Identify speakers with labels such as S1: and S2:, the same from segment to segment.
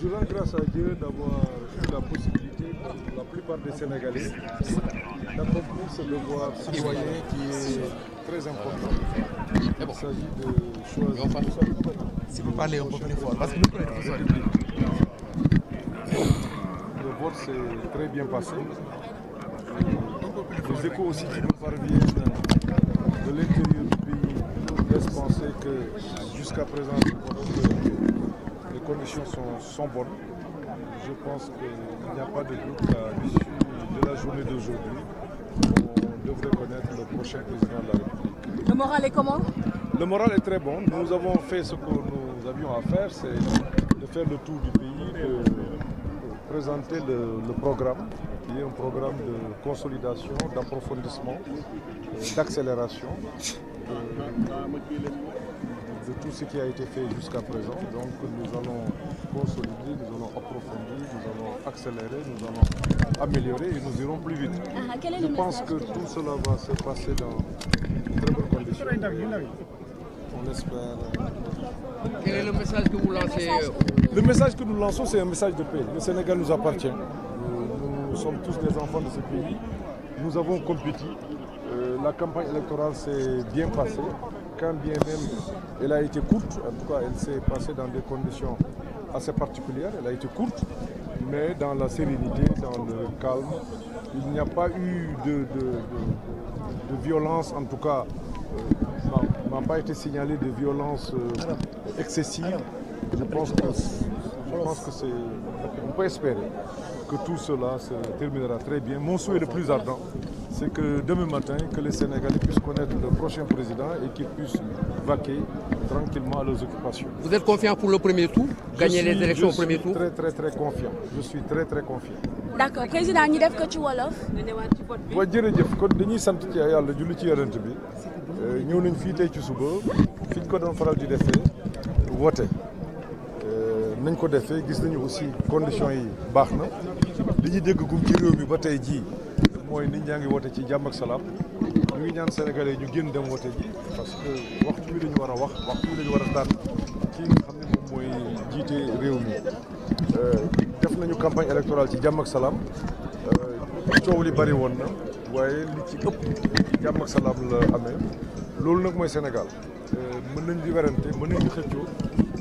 S1: Je rends grâce à Dieu d'avoir eu la possibilité pour la plupart des Sénégalais d'accomplir ce devoir citoyen qui est de choisir. Si vous parlez un peu plus fort, parce que nous Le vote s'est très bien passé. Les échos aussi qui nous parviennent de l'intérieur du pays laissent penser que jusqu'à présent, le vote conditions sont, sont bonnes. Je pense qu'il n'y connaître le prochain président de la République. Le moral est Le très bon. Nous avons fait ce que nous avions à faire, le tour du pays, de présenter le, programme, qui est un programme de consolidation, d'approfondissement, euh, d'accélération. de tout ce qui a été fait jusqu'à présent. Donc nous allons consolider, nous allons approfondir, nous allons accélérer, nous allons améliorer et nous irons plus vite. Ah, ah Je pense que tout cela va se passer dans de très bonnes conditions. On espère. Euh, quel est le message que vous lancez euh, Le message que nous lançons, c'est un message de paix. Le Sénégal nous appartient. Nous, nous sommes tous des enfants de ce pays. Nous avons compétit. Euh, la campagne électorale s'est bien passée. quand bien même elle a été courte, en tout cas elle s'est passée dans des conditions assez particulières, elle a été courte, mais dans la sérénité, dans le calme, il n'y a pas eu de, de, de, de, violence, en tout cas, euh, n'a pas été signalé de violence euh, excessive. Je pense que, je pense que c'est, on peut espérer que tout cela se terminera très bien. Mon souhait le plus ardent, c'est que demain matin, que les Sénégalais puissent connaître le prochain président et qu'ils puissent vaquer tranquillement à leurs occupations. Vous êtes confiant pour le premier tour Gagner suis, les élections premier tour très, très, confiant. Je suis très, très confiant. D'accord. Président, nous devons que tu wolof. Oui, jërëjëf. Kon dañuy sant ci Yàlla julli ci Yonent bi. Euh, ñëw nañ fii tey ci suba fi ñu ko doon faral di defee woote. Euh, nañ ko defe gis nañu aussi conditions yi baax na. Li ñu dégg ba tey jii mooy nit ñaa ngi woote ci jàmm ak salaam ñu ngi ñaan Sénégalais ñu génn dem woote ji parce que waxtu bi dañu war a wax waxtu bi dañu war a tànn kii xam ne moom mooy jiite réew mi euh, def nañu campagne électorale ci jàmm ak salaam euh, coow li bari woon na waaye li ci ëpp jàmm ak salaam la amee loolu nag mooy Sénégal euh, mën nañ di werante mën nañ di xëccoo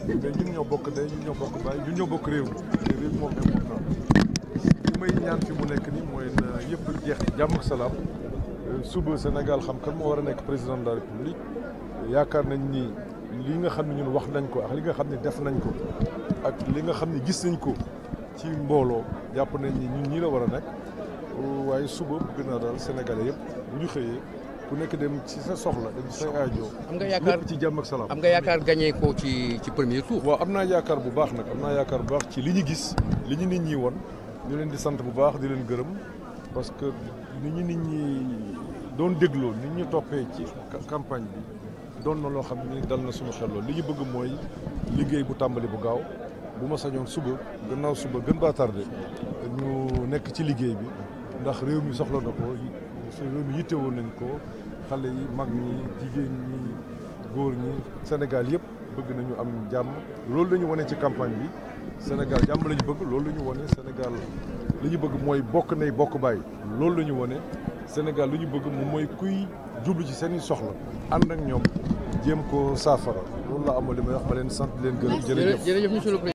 S1: mais ñoo bokk ndey ñun ñoo bokk baay ñun ñoo bokk réew mi te réew moom important li ñaan fi mu nekk nii mooy na yëpp jeex jàmm ak salaam euh, suba senegal xam kan moo war a nekk président de la république yaakaar nañ ni li nga xam ne ñun wax nañ ko ak li nga xam ne def nañ ko ak li nga xam ne gis nañ ko ci mbooloo jàpp nañ ni ñun ñii la war a nekk waaye suba bëgg naa daal Sénégalais yëpp lu ñu xëyee ku nekk dem ci sa soxla dem ci sa aajo. am nga yaakaar ci jàmm ak am nga yaakaar gagné ko ci ci premier tour. waaw am naa yaakaar bu baax nag am naa yaakaar bu baax ci li ñu gis li nit ñi won ñu leen di sant bu baax di leen gërëm parce que ni ñu nit ñi doon dégloo nit ñu toppee ci campagne bi doon na loo xam ni dal na suñu xel li ñu bëgg mooy liggéey bu tàmbali bu gaaw bu ma sañoon suba gannaaw suba gën baa tardé ñu nekk ci liggéey bi ndax réew mi soxla na ko réew mi yitte woon nañ ko xale yi mag ñi jigéen ñi góor ñi Sénégal yëpp. bëgg nañu am jàmm loolu la ñu wane ci campagne bi Sénégal jàmm la ñu bëgg loolu la ñu wane Sénégal li ñu bëgg mooy bokk nay bokk bàyyi loolu la ñu wane Sénégal li ñu bëgg moom mooy kuy jublu ci seen i soxla ànd ak ñoom jéem ko saafara loolu la amoon li may wax ma leen sant leen gërëm jërëjëf